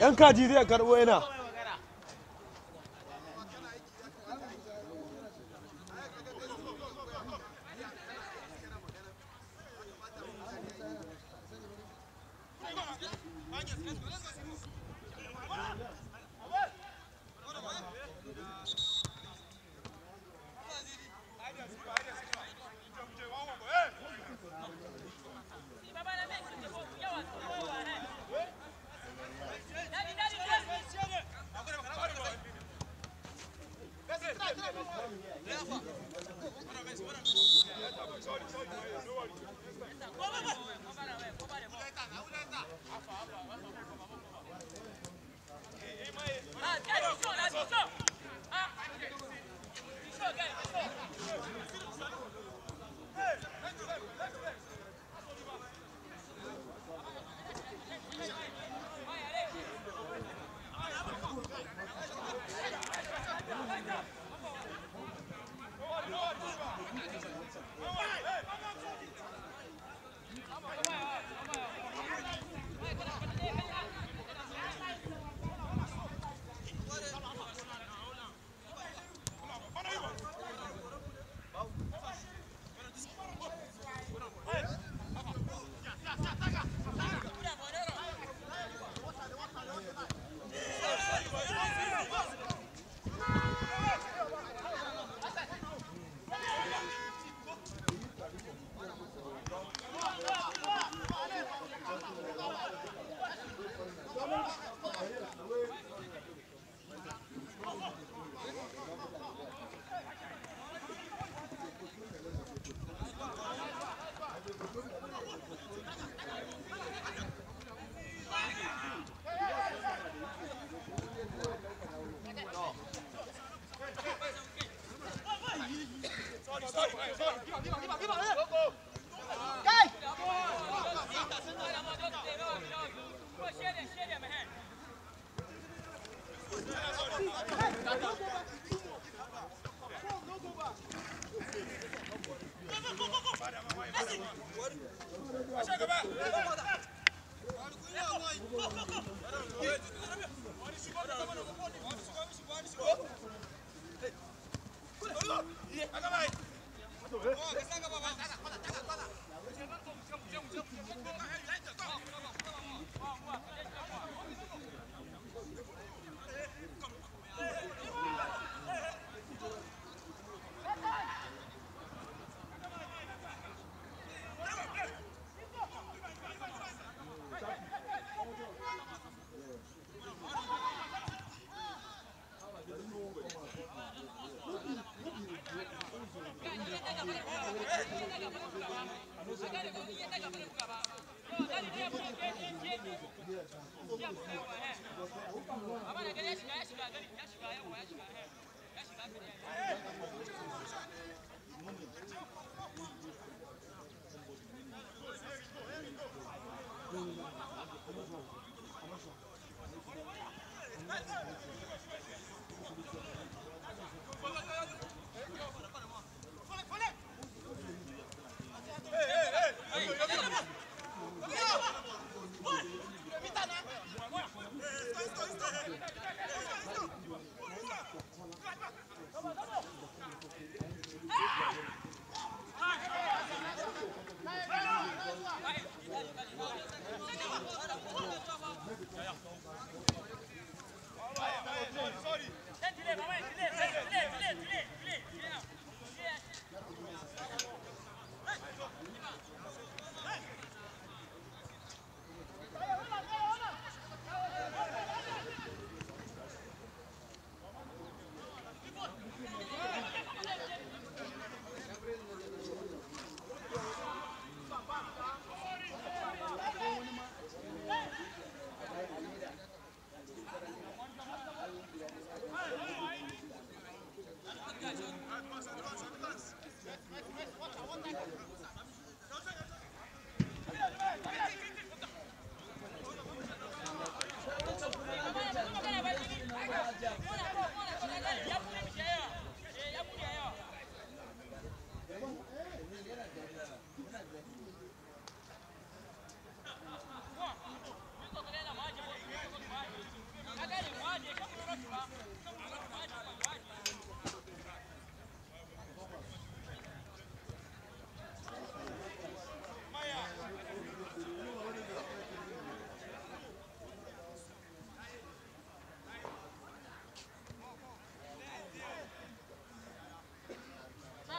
'yan kaji zai karɓo yana Agora vai! 哇，三个包包，来了，来了，来了，来了！五千五千，五千五千，五千五千！我看看有来者，到！到到到！哇哇！¡Gracias!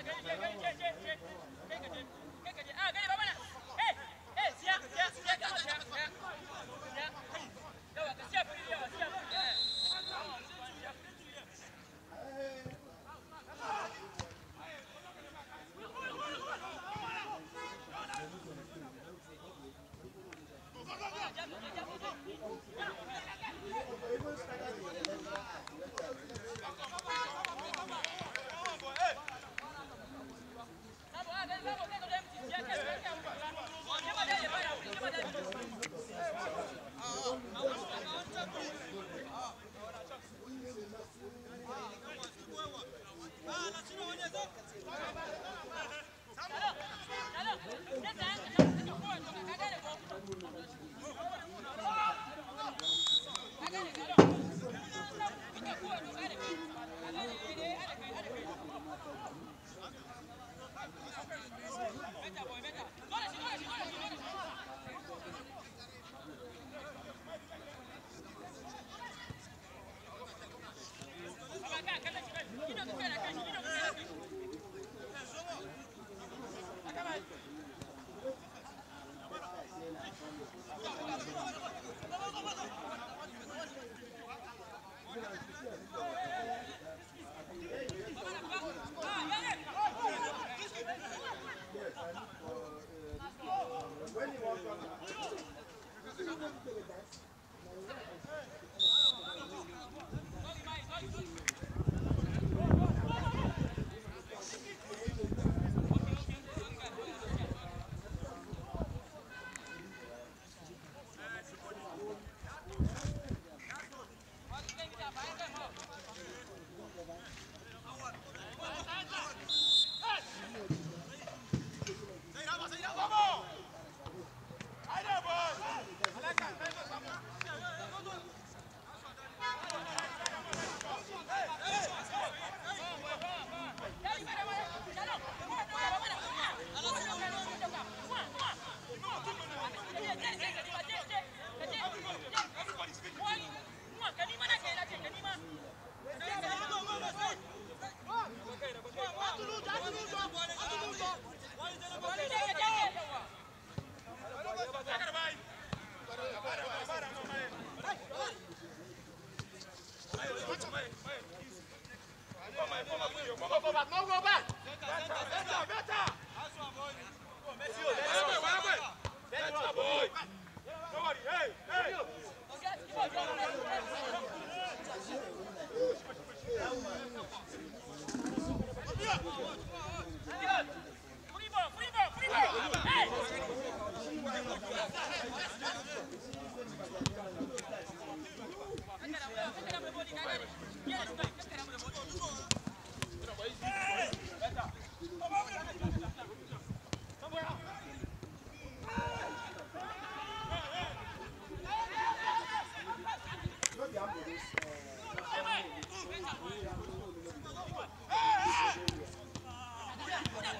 Go, go, go, go.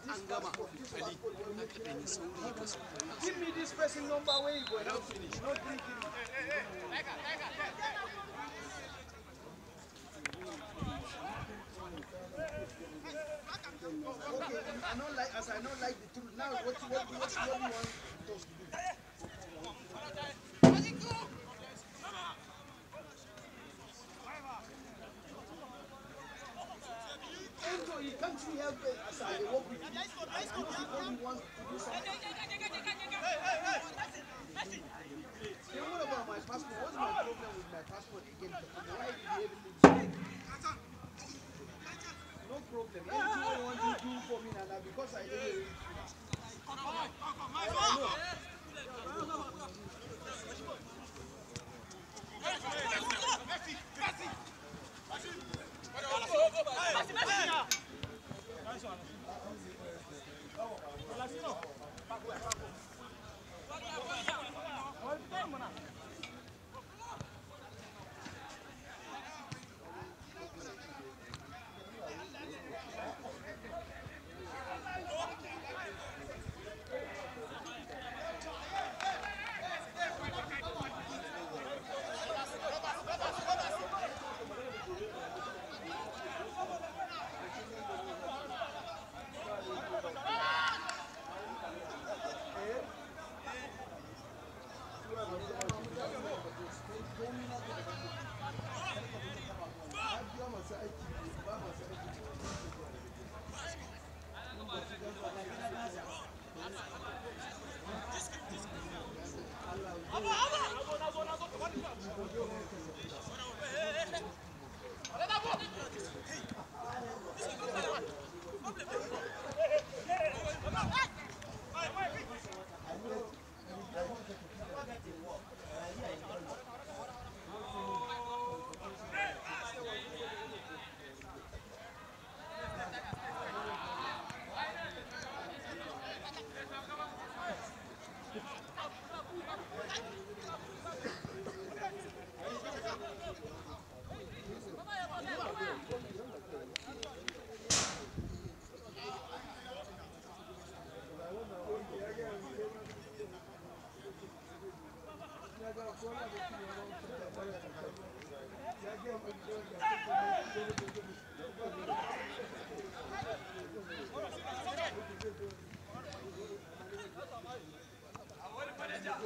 na ali aka sauri ka so give me this person number where you go help finish no drink it Okay, I don't like as I don't like the truth. Now what what what, what you want to do? the country health as work with you, and you want to do something. Hey, hey, hey! Listen, listen! Then what about my passport? What's my ah. problem with my passport again? Why everything? No problem. Everything you want to do for me, now? because I did it. Come on, come on, come on! Merci, merci, merci. Merci, merci. 走，打过来，打过来，我笨嘛。